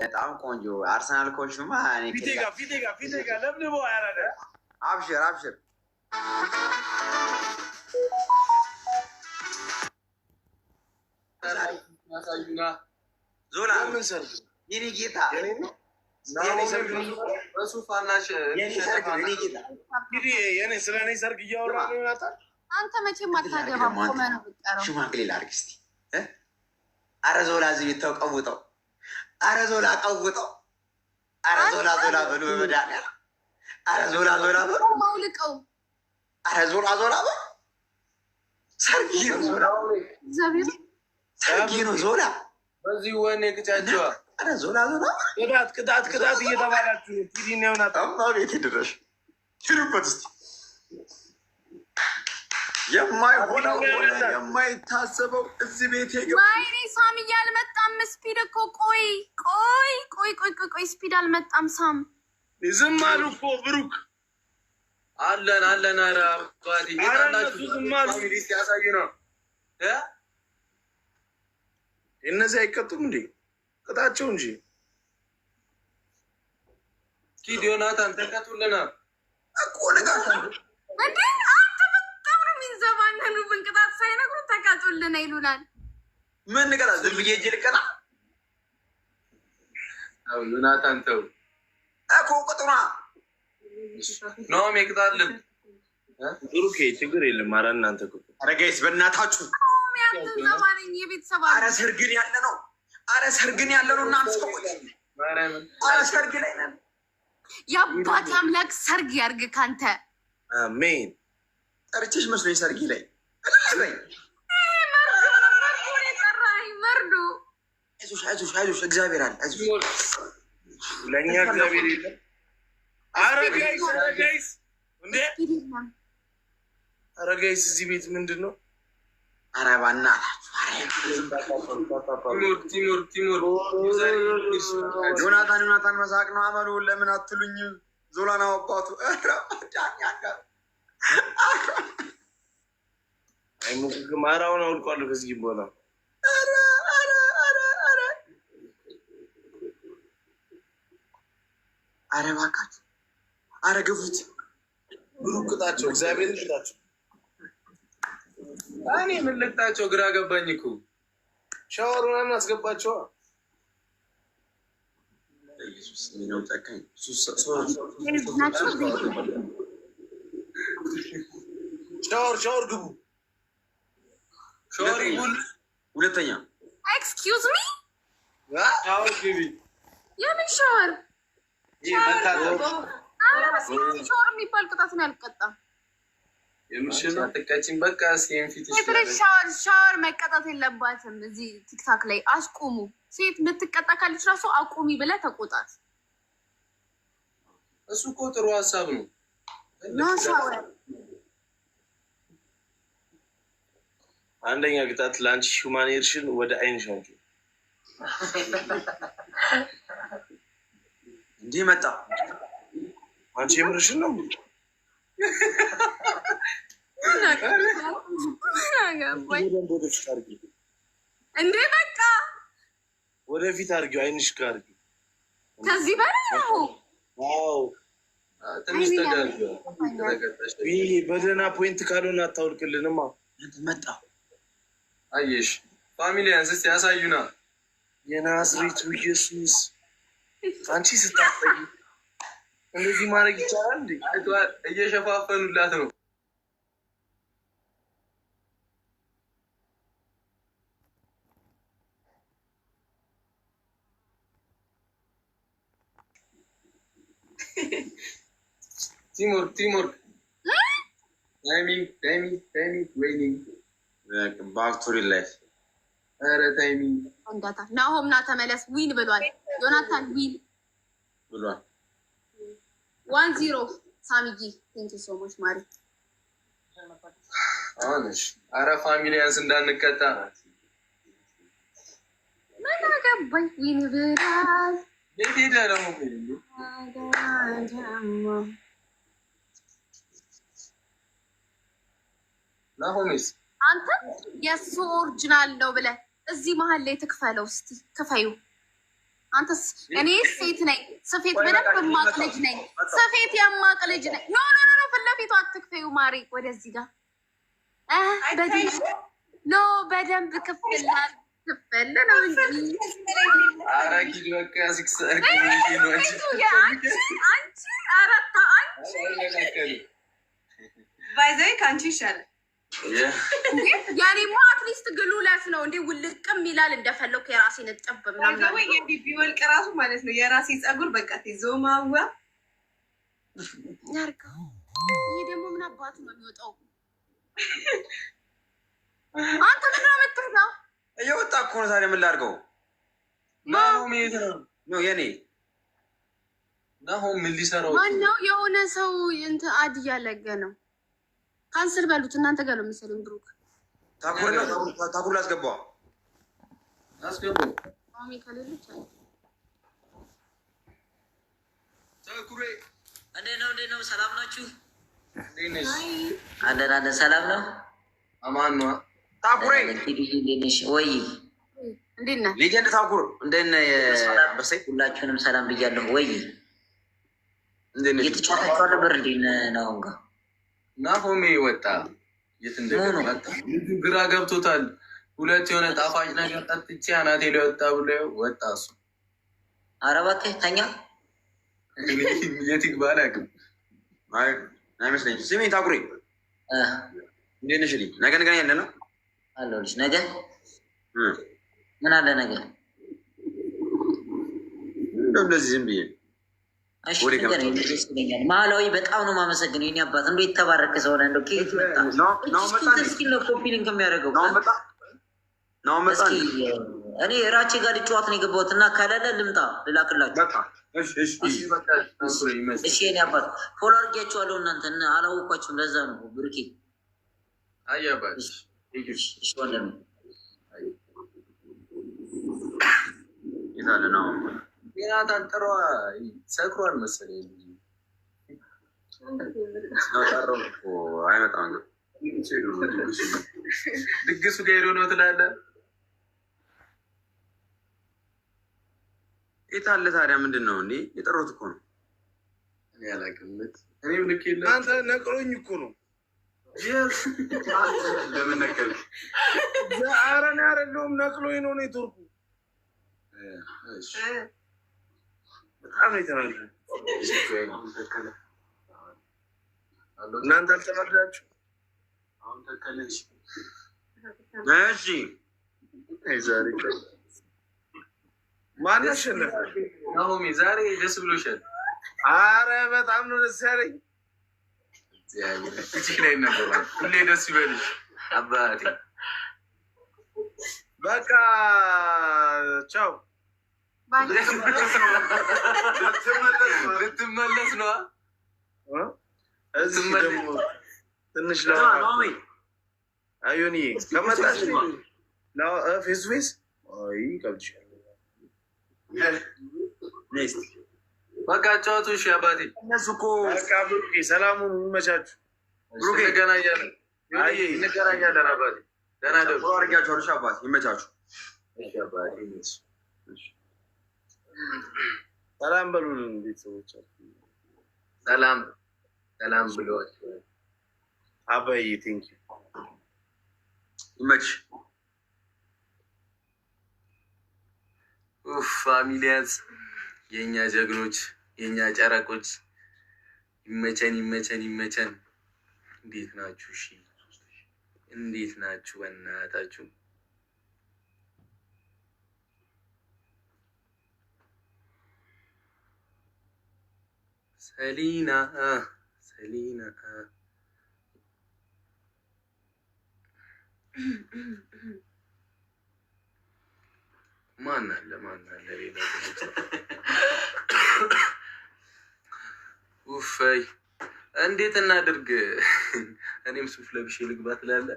በጣም ቆንጆ አርሰናል ኮችማ አብሽር አብሽር ዞላ የኔ ጌታ ስለኔ ሰርግ እያወራ ነው። አንተ መቼም አታገባም። ሽማግሌ ላድርግ እስኪ አረዞላ ዝቢተው ቀውጠው አረዞላ ቀውጠው አረዞላ ዞላ በሉ በመድኃኒዓለም አረዞላ ዞላ በሉ ማውልቀው አረዞላ ዞላ በሉ ሰርጊ ነው ዞላ ሰርጊ ነው ዞላ በዚህ ወኔ ዞላ ቅጣት ቅጣት ቅጣት እየተባላችሁ ቤት ድረሽ ሂዱበት እስኪ የማይሆነው የማይታሰበው እዚህ ቤት ማይኔ ሳምዬ አልመጣም። ስፒድ እኮ ቆይ ቆይ ቆይ ቆይ ቆይ ቆይ ስፒድ አልመጣም። ሳም ዝም አሉ እኮ ብሩክ አለን አለን ኧረ አባቴ ዝም አሉ ሲያሳዩ ነው። እነዚህ አይቀጡም እንዴ? ቅጣቸው እንጂ ኪድ ዮናታን ተቀጡልናል እኮ ነጋ እንዴ የቀኑብን ቅጣት ሳይነግሩ ተቀጡልን ይሉናል። ምን ቀጣ? ዝም ብዬ እጅ ልቀጣ? ዮናታን ተው እኮ ቁጥሯ ኖም ይቅጣልን። ብሩኬ ችግር የለም። አረ እናንተ አረጋይስ በእናታችሁ አረ ሰርግን ያለ ነው። አረ ሰርግን ያለ ነው። እናንተ ሰዎች አረ ሰርግ ላይ ነን። የአባት አምላክ ሰርግ ያርግ ካንተ አሜን። ጠርቼሽ መስሎኝ ሰርግ ላይ በይ መርዶ ጋይስ እዚህ ቤት ምንድን ነው ኧረ በእናትህ ዮናታን ዮናታን መሳቅ ነው አመሉ ለምን አትሉኝም ዞላና አባቱ ማራውን አውልቋለሁ ከዚህ በኋላ አረ እባካችሁ አረ ግፉት፣ ብሩቅጣቸው እግዚአብሔር ሽታቸው። እኔ ምን ልቅጣቸው? ግራ ገባኝ እኮ ሻወር ምናምን አስገባቸዋ። ሻወር ሻወር ግቡ ሁለተኛ ኤክስኪውዝ ሚ የምን ሻወር ሻወር የሚባል ቅጣት ነው ያልቀጣም ሻወር መቀጣት የለባትም። እዚህ ቲክታክ ላይ አስቁሙ። ሴት የምትቀጣ ካለች ራሱ አቁሚ ብለህ ተቆጣት። እሱ እኮ ጥሩ ሀሳብ ነው። አንደኛ ቅጣት ለአንቺ ሁማን ኤርሽን ወደ አይንሽ አንቺ እንዲህ መጣ። አንቺ የምርሽን ነው እንዴ? በቃ ወደፊት አድርጊው፣ አይንሽ ጋር አድርጊው። ከዚህ በላይ ነው። ትንሽ ተጋቢ በደህና ፖይንት ካልሆነ አታውልቅልንማ መጣ አየሽ ፋሚሊያን ስስ ያሳዩና የናዝሬቱ ኢየሱስ አንቺ ስታስጠይ እንደዚህ ማድረግ ይቻላል እንዴ? እየሸፋፈኑላት ነው። ቲምወርክ ቲምወርክ ታይሚንግ ታይሚንግ ታይሚንግ ወይኒንግ ባክቶሪ ላይፍ ናሆም ና ተመለስ። ዊን ብሏል። ዮናታን ዊን ብሏል። ዋን ዚሮ ሳሚጊ ቴንክ ሶ ማች ማሪ። አረ ፋሚሊያንስ እንዳንቀጣ ምን አገባኝ። ዊን ብሏል። ናሆሜስ አንተ የእሱ ኦሪጂናል ነው ብለህ እዚህ መሀል ላይ ትክፈለው። እስቲ ክፈዩ። አንተ እኔ ሴት ነኝ፣ ስፌት በደንብ የማቅ ልጅ ነኝ፣ ስፌት የማቅ ልጅ ነኝ። ኖ ኖ ኖ፣ ፊት ለፊቱ አትክፈዩ ማሪ፣ ወደዚህ ጋር ኖ፣ በደንብ ክፍል ከፈለ ነው እንጂ አንቺ ከአንቺ ይሻላል የኔማ አትሊስት ግሉለስ ነው እንዴ ውልቅም ይላል። እንደፈለኩ የራሴ ንጥብ ምናምን የቢቢ ወልቅ ራሱ ማለት ነው የራሴ ጸጉር በቃ ዞማዋ ያርገው። ይህ ደግሞ ምን አባቱ ነው የሚወጣው? አንተ ምን ነው የምትርገው? እየወጣ እኮ ነው። ታዲያ ምን ላድርገው? ነው የኔ ናሆም ምን ሊሰራው ማነው? የሆነ ሰው እንትን አድ እያለገ ነው ካንስል በሉት። እናንተ ጋር ነው የሚሰለኝ። ብሩክ ታኩር ላስገባ አስገቡ። ከሌሎች ታኩሬ እንዴት ነው? እንዴት ነው? ሰላም ናችሁ? አለን አለን። ሰላም ነው። አማን ነው። ታኩሬ እንዴ ነሽ ወይ ሊጀንድ ታኩር እንዴት ነህ? ሁላችሁንም ሰላም ብያለሁ። ወይ እንዴ ነሽ? እየተጫወታችሁ ነበር? እንዴ ነው አሁን ጋር ናሆሜ ወጣ። የት እንደገባጣ ግራ ገብቶታል። ሁለት የሆነ ጣፋጭ ነገር ጠጥቼ አናቴ ሊወጣ ብሎ ወጣ። እሱ አረባከ እባክህ ተኛ። የት ይግባ አላውቅም። አይመስለኝም። ስሜ ታኩሬ እንዴት ነሽ? ነገ ነገ ያለ ነው አለሁልሽ። ነገ ምን አለ ነገ እንደዚህ ዝም ብዬ ማላዊ በጣም ነው የማመሰግነው። የእኔ አባት እንደው የተባረከ ሰው ነው። እንደው ኬት መጣ ኮፒሊንክ የሚያደርገው እኔ እራቼ ጋር ጨዋት ነው የገባሁት እና ከሌለ ልምጣ ልላክላችሁ። እሺ የእኔ አባት ፎሎ አድርጌያችኋለሁ። እናንተ አላወኳችሁም፣ ለዛ ነው ብርኬ ይዛል ነው ዮናታን ጥሯ ሰክሯል መሰለኝ አይመጣም። ድግሱ ጋር ሄዶ ነው ትላለህ። የት አለ ታዲያ? ምንድን ነው እንዴ? የጠሩት እኮ ነው። አንተ ነቅሎኝ እኮ ነው። ለምን ነቀል? ኧረ እኔ አይደለሁም ነቅሎኝ ነው። ኔትወርኩ በጣም ነው የተናደደ። እናንተ አልተናደዳችሁ? እሺ ዛሬ ዛሬ ደስ ብሎሻል? አረ በጣም ነው ደስ ያለኝ። እጅግ ላይ ነበራል። ሁሌ ደስ ይበልሽ አባቴ። በቃ ቻው። ልትመለስ ነው። ትንሽ አዩኒ ከመጣሽ ፌስ ፌስ በቃ ጨዋቱ። እሺ አባቴ እነሱ እኮ ሰላሙን ይመቻችሁ። ብሩክ እንገናኛለን፣ እንገናኛለን አባቴ። ደህና ደሩ አድርጊያችኋል። እሺ አባቴ ይመቻችሁ። ሰላም በሉልን። እንዴት ሰላም ሰላም ብለዋል። አባይ ቴንክ ዩ ይመች። ፋሚሊያንስ፣ የእኛ ጀግኖች፣ የእኛ ጨረቆች ይመቸን፣ ይመቸን፣ ይመቸን። እንዴት ናችሁ? እሺ እንዴት ናችሁ? በእናታችሁ ሰሊና ሰሊና ah, ah. ማን አለ ማን አለ? ሌላ ውፈይ እንዴት እናድርግ? እኔም ሱፍ ለብሼ ልግባ ትላለ።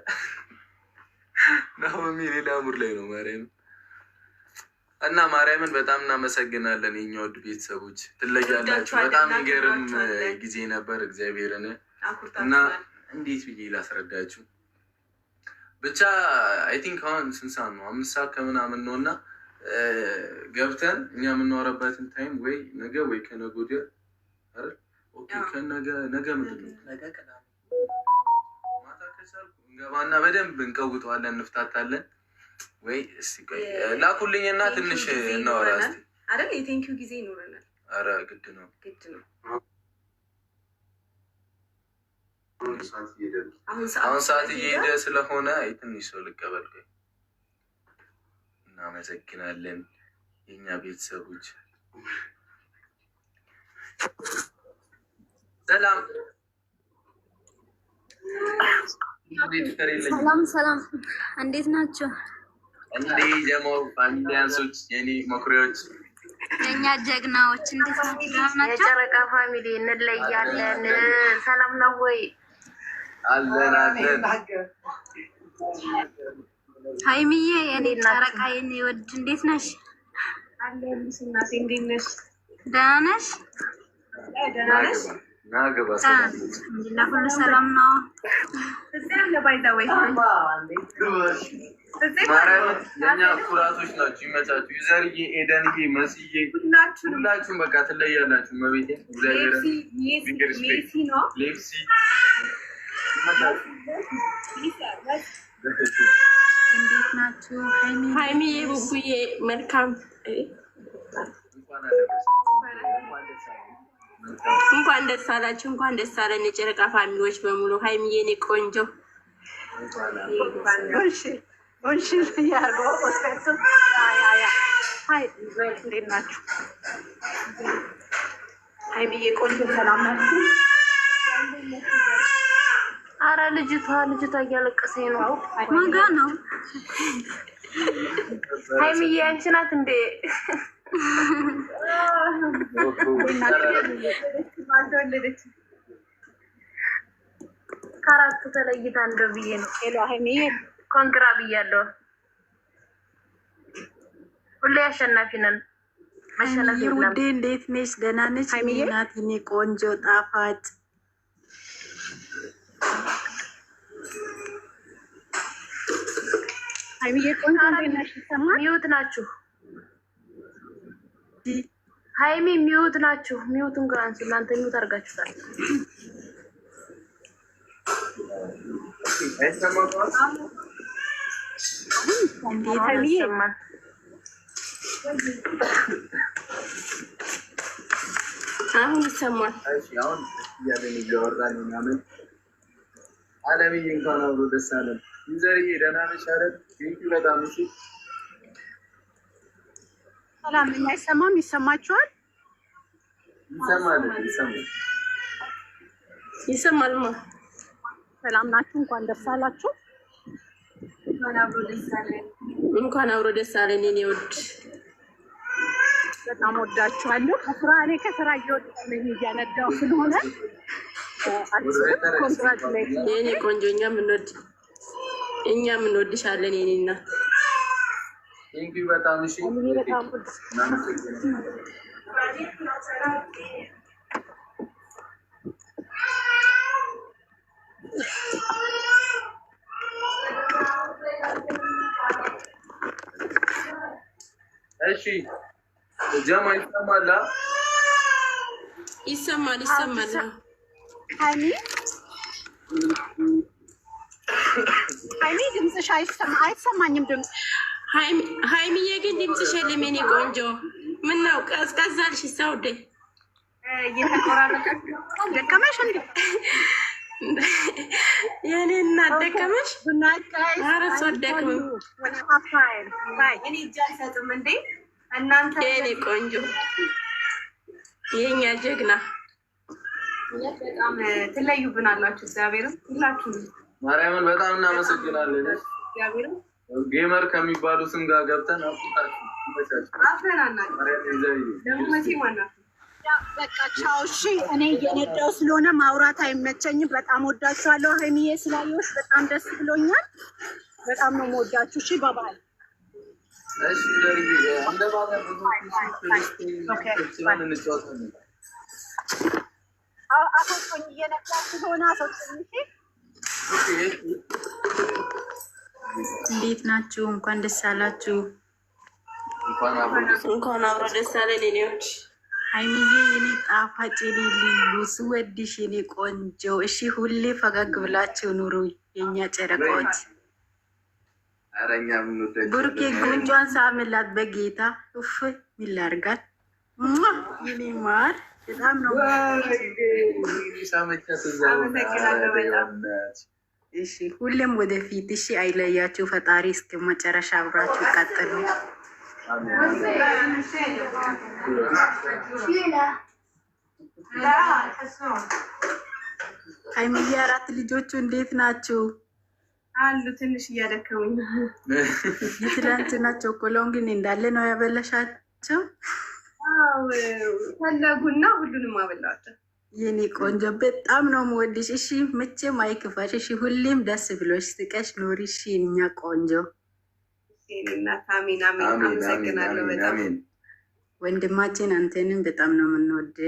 ናሆሚ ሌላ ሙር ላይ ነው ማርያም እና ማርያምን በጣም እናመሰግናለን። የኛ ውድ ቤተሰቦች ትለያላችሁ። በጣም የሚገርም ጊዜ ነበር። እግዚአብሔርን እና እንዴት ብዬ ላስረዳችሁ ብቻ አይ ቲንክ አሁን ስንሳ ነው? አምስት ሰዓት ከምናምን ነው እና ገብተን እኛ የምናወራበትን ታይም ወይ ነገ ወይ ከነገ ወዲያ ከነገ ነገ ምንድን ነው ማታ ከቻልኩ እንገባና በደንብ እንቀውጠዋለን፣ እንፍታታለን ወይ ላኩልኝ እና ትንሽ እናወራ አይደል? የቴንኪው ጊዜ ይኖረናል። ኧረ ግድ ነው ግድ ነው። አሁን ሰዓት እየሄደ ስለሆነ ትንሽ ሰው ልቀበል። እናመሰግናለን የእኛ ቤተሰቦች። ሰላም ሰላም፣ እንዴት ናቸው? እንዴ ጀመሩ ፋሚሊያንሶች የኔ መኩሪያዎች የእኛ ጀግናዎች እንዴት ናቸው? የጨረቃ ፋሚሊ እንለያለን። ሰላም ነው ወይ? አለን አለን። ሀይሚዬ የኔ ጨረቃ የኔ ወድ እንዴት ነሽ? አለን እናቴ፣ እንዴት ነሽ? ደህና ነሽ? ደህና ነሽ? ሁሉ ሰላም ነው? የእኛ ኩራቶች ናቸው። ይመቻችሁ። ዩዘርዬ፣ ኤደንዬ፣ መስዬ ሁላችሁም በቃ ትለያላችሁ። መቤቴ ሌፕሲ እንዴት ናችሁ? ሀይሚዬ፣ ቡቡዬ መልካም እንኳን ደስ አላችሁ። እንኳን ደስ አለን የጨረቃ በሙሉ። ሀይሚዬ፣ እኔ ቆንጆ ቶንሽን ያርገው ሆስፒታል። ያ ያ እንዴት ናችሁ? አይ ብዬ ቆንጆ ሰላም ናችሁ? አረ ልጅቷ ልጅቷ እያለቀሰ ነው። ማን ጋር ነው? ሀይሚዬ አንቺ ናት እንዴ? ከአራቱ ተለይታ እንደው ብዬ ነው ሄሎ ሀይሚዬ ኮንግራ ብያለሁ። ሁሌ አሸናፊ ነን። ውዴ፣ እንዴት ነሽ? ደህና ነሽ? ናት እኔ ቆንጆ ጣፋጭ ሚዩት ናችሁ። ሀይሚ ሚዩት ናችሁ። ሚዩቱን ጋር እናንተ ሚዩት አድርጋችሁታል። እንዴት አሁን ይሰማል። አለምዬ እንኳን አብሮ ደስ አለን። ይዘርዬ ደህና ነሽ? በጣም እሺ። ሰላም አይሰማም? ይሰማችኋል? ይሰማል፣ ይሰማል፣ ሰላም ናችሁ? እንኳን ደስ አላችሁ። እንኳን አብሮ ደስ አለን የኔ ወድ በጣም ወዳችኋለሁ። ከስራ እኔ ከስራ እየወጣሁ እያነዳሁ ስለሆነ የኔ ቆንጆ እኛ ምንወድ እኛ ምንወድሻለን የኔ እሺ ጀማ ይሰማላ? ይሰማል፣ ይሰማል። ሀይሚ ሀይሚ ድምፅሽ አይሰማኝም። ድምፅ ሀይሚዬ ግን ድምፅሽ የለም ቆንጆ። ምነው ቀዝቀዝ አልሽ? ሰውዴ እየተቆራረጠ ደከመሽ እንዴ? የኔ እናት ደከመሽ? ኧረ እሱ አደክምም። የኔ ቆንጆ የኛ ጀግና በጣም ትለዩብናላችሁ። እግዚአብሔርም ሁላችሁ ማርያምን በጣም እናመሰግናለን። ጌመር ከሚባሉትም ጋር ገብተን አፍረናናል። በቃ ቻው። እሺ እኔ እየነዳው ስለሆነ ማውራት አይመቸኝም። በጣም ወዳችኋለሁ። ሀይሚዬ ስላየሁሽ በጣም ደስ ብሎኛል። በጣም ነው የምወዳችሁ። እሺ ባባል እንዴት ናችሁ? እንኳን ደስ አላችሁ። እንኳን አብሮ ደስ አለ ሌሎች ሀይሚዬ የኔ ጣፋጭ የኔ ልዩ ስወድሽ የኔ ቆንጆ፣ እሺ ሁሌ ፈገግ ብላችሁ ኑሩ የኛ ጨረቃዎች። ብሩኬ ጉንጯን ሳምላት በጌታ ፍ ይላርጋል የኔ ማር በጣም ነው። ሁሌም ወደፊት እሺ አይለያችሁ ፈጣሪ እስከ መጨረሻ አብራችሁ ይቀጥሉ። ሀይሚዬ አራት ልጆቹ እንዴት ናችሁ? አሉ ትንሽ እያደከሙኝ። የትላንትናቸው እኮ ሎንግን እንዳለ ነው ያበለሻቸው። ፈለጉና ሁሉንም አበላቸው። የኔ ቆንጆ በጣም ነው የምወድሽ። እሺ፣ መቼም አይክፋሽ። እሺ፣ ሁሌም ደስ ብሎሽ ስቀሽ ኖሪ። እሺ፣ እኛ ቆንጆ አመሰግናለሁ በጣም ወንድማችን፣ አንተንም በጣም ነው የምንወድ።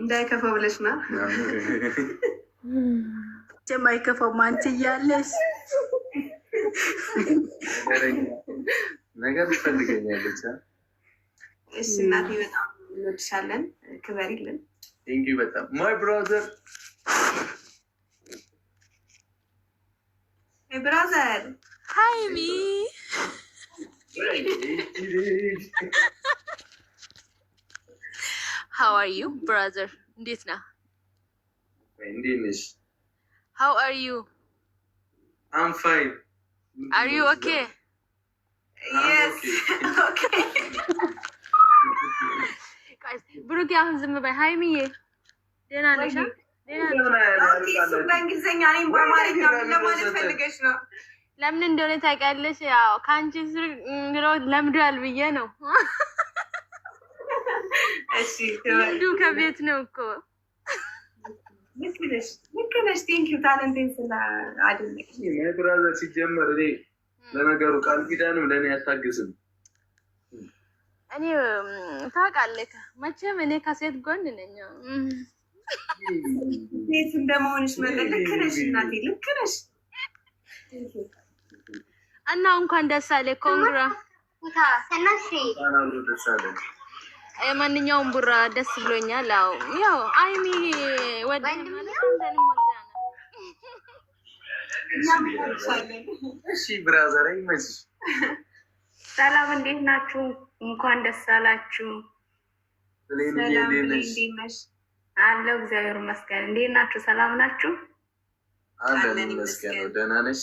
እንዳይከፈው ብለሽ ና ጀማ አይከፋው ማንቺ እያለሽ ነገር ትፈልገኛለች። እሺ እናቴ በጣም እንወድሻለን። ክበሪልን። በጣም ማይ ብራዘር ማይ ብራዘር Hi, me. How are you, brother? Disna. Indinish. How are you? I'm fine. Are you okay? yes. okay. Guys, bunu kıyafetim mi ben? Hay mi ye? Den anlaşa? Den anlaşa? Ati, subengizin yani bu amarik yapın. Lamanet fellik eşna. ለምን እንደሆነ ታውቂያለሽ? ያው ከአንቺ ስር እንግዲህ ለምዷል ብዬ ነው። እሺ ከቤት ነው እኮ። ብራዘር ሲጀመር እኔ ለነገሩ ቃል ኪዳንም ለእኔ አታግዝም። እኔ ታውቃለህ፣ መቼም እኔ ከሴት ጎን ነኝ። ሴት እንደመሆንሽ መጠን ልክ ነሽ እናቴ፣ ልክ ነሽ። እና እንኳን ደስ አለህ። ኮንግራ ማንኛውም ቡራ ደስ ብሎኛል። አዎ ያው አይሚ ብራዘር ይመስል ሰላም፣ እንዴት ናችሁ? እንኳን ደስ አላችሁ። አለው እግዚአብሔር ይመስገን። እንዴት ናችሁ? ሰላም ናችሁ? አለን ይመስገን። ደህና ነሽ?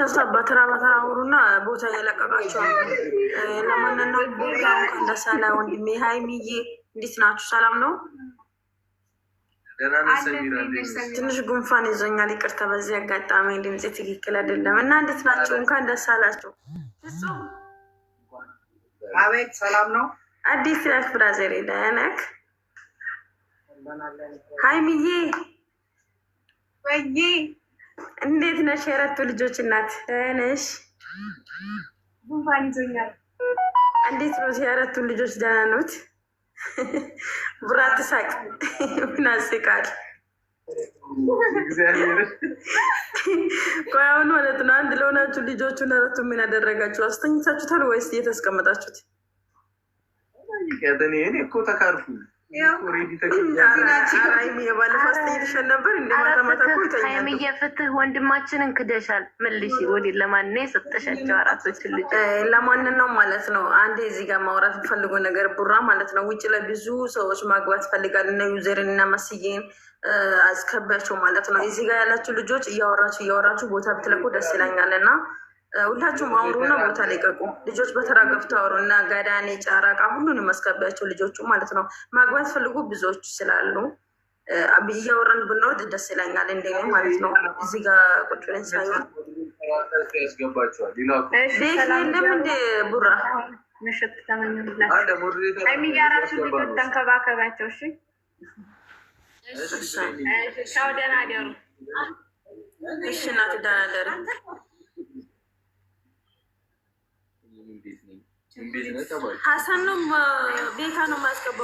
ያሳባ ተራ በተራ አውሩና ቦታ እየለቀቃቸዋል። ለማንና ቦታውን ላይ ወንድሜ ሀይሚዬ እንዴት ናችሁ? ሰላም ነው። ትንሽ ጉንፋን ይዞኛል፣ ይቅርታ። በዚህ አጋጣሚ ድምፄ ትክክል አይደለም እና እንዴት ናቸው? እንኳን ደስ አላቸው። አቤት፣ ሰላም ነው። አዲስ ነክ ብራዘር ዳያነክ ሀይሚዬ ወይ እንዴት ነሽ? የአራቱ ልጆች እናት ነሽ? ጉንፋን ይዞኛል። እንዴት ነው? የአራቱ ልጆች ደህና ኖት? ቡራ ትሳቅ። ምን ቆይ አሁን ማለት ነው አንድ ለሆናችሁ ልጆቹን አራቱ ምን ያደረጋችሁ? አስተኝታችሁታል ወይስ እየተስቀመጣችሁት? እኔ እኮ ተካርኩ የፍትህ ወንድማችንን ክደሻል። መልሽ ወዲ ለማን የሰጠሻቸው አራቶች ልጅ ለማንን ነው ማለት ነው? አንዴ እዚህ ጋር ማውራት ፈልጎ ነገር ቡራ ማለት ነው። ውጭ ለብዙ ሰዎች ማግባት ፈልጋል። እና ዩዘርን እና መስዬን አስከቢያቸው ማለት ነው። እዚህ ጋር ያላችሁ ልጆች እያወራችሁ እያወራችሁ ቦታ ብትለቁ ደስ ይለኛል እና ሁላችሁም አውሩና ቦታ ላይ ቀቁ። ልጆች በተራ ገብተው አውሩ እና ጋዳኔ፣ ጨረቃ ሁሉንም አስገቢያቸው ልጆቹ ማለት ነው። ማግባት ፈልጉ ብዙዎች ስላሉ እያወረን ብንወርድ ደስ ይለኛል። እንደ ማለት ነው እዚህ ጋ ቁጭ ብለን ሳይሆን ያስገባቸዋልለም እንደ ቡራ ምሽት ተመኝላቸው ልጆች ተንከባከባቸው። እሺ ሻው ደህና ደሩ። እሺ እናት ደህና ደሩ። ሀሰን ነው ቤታ ነው የማስገባው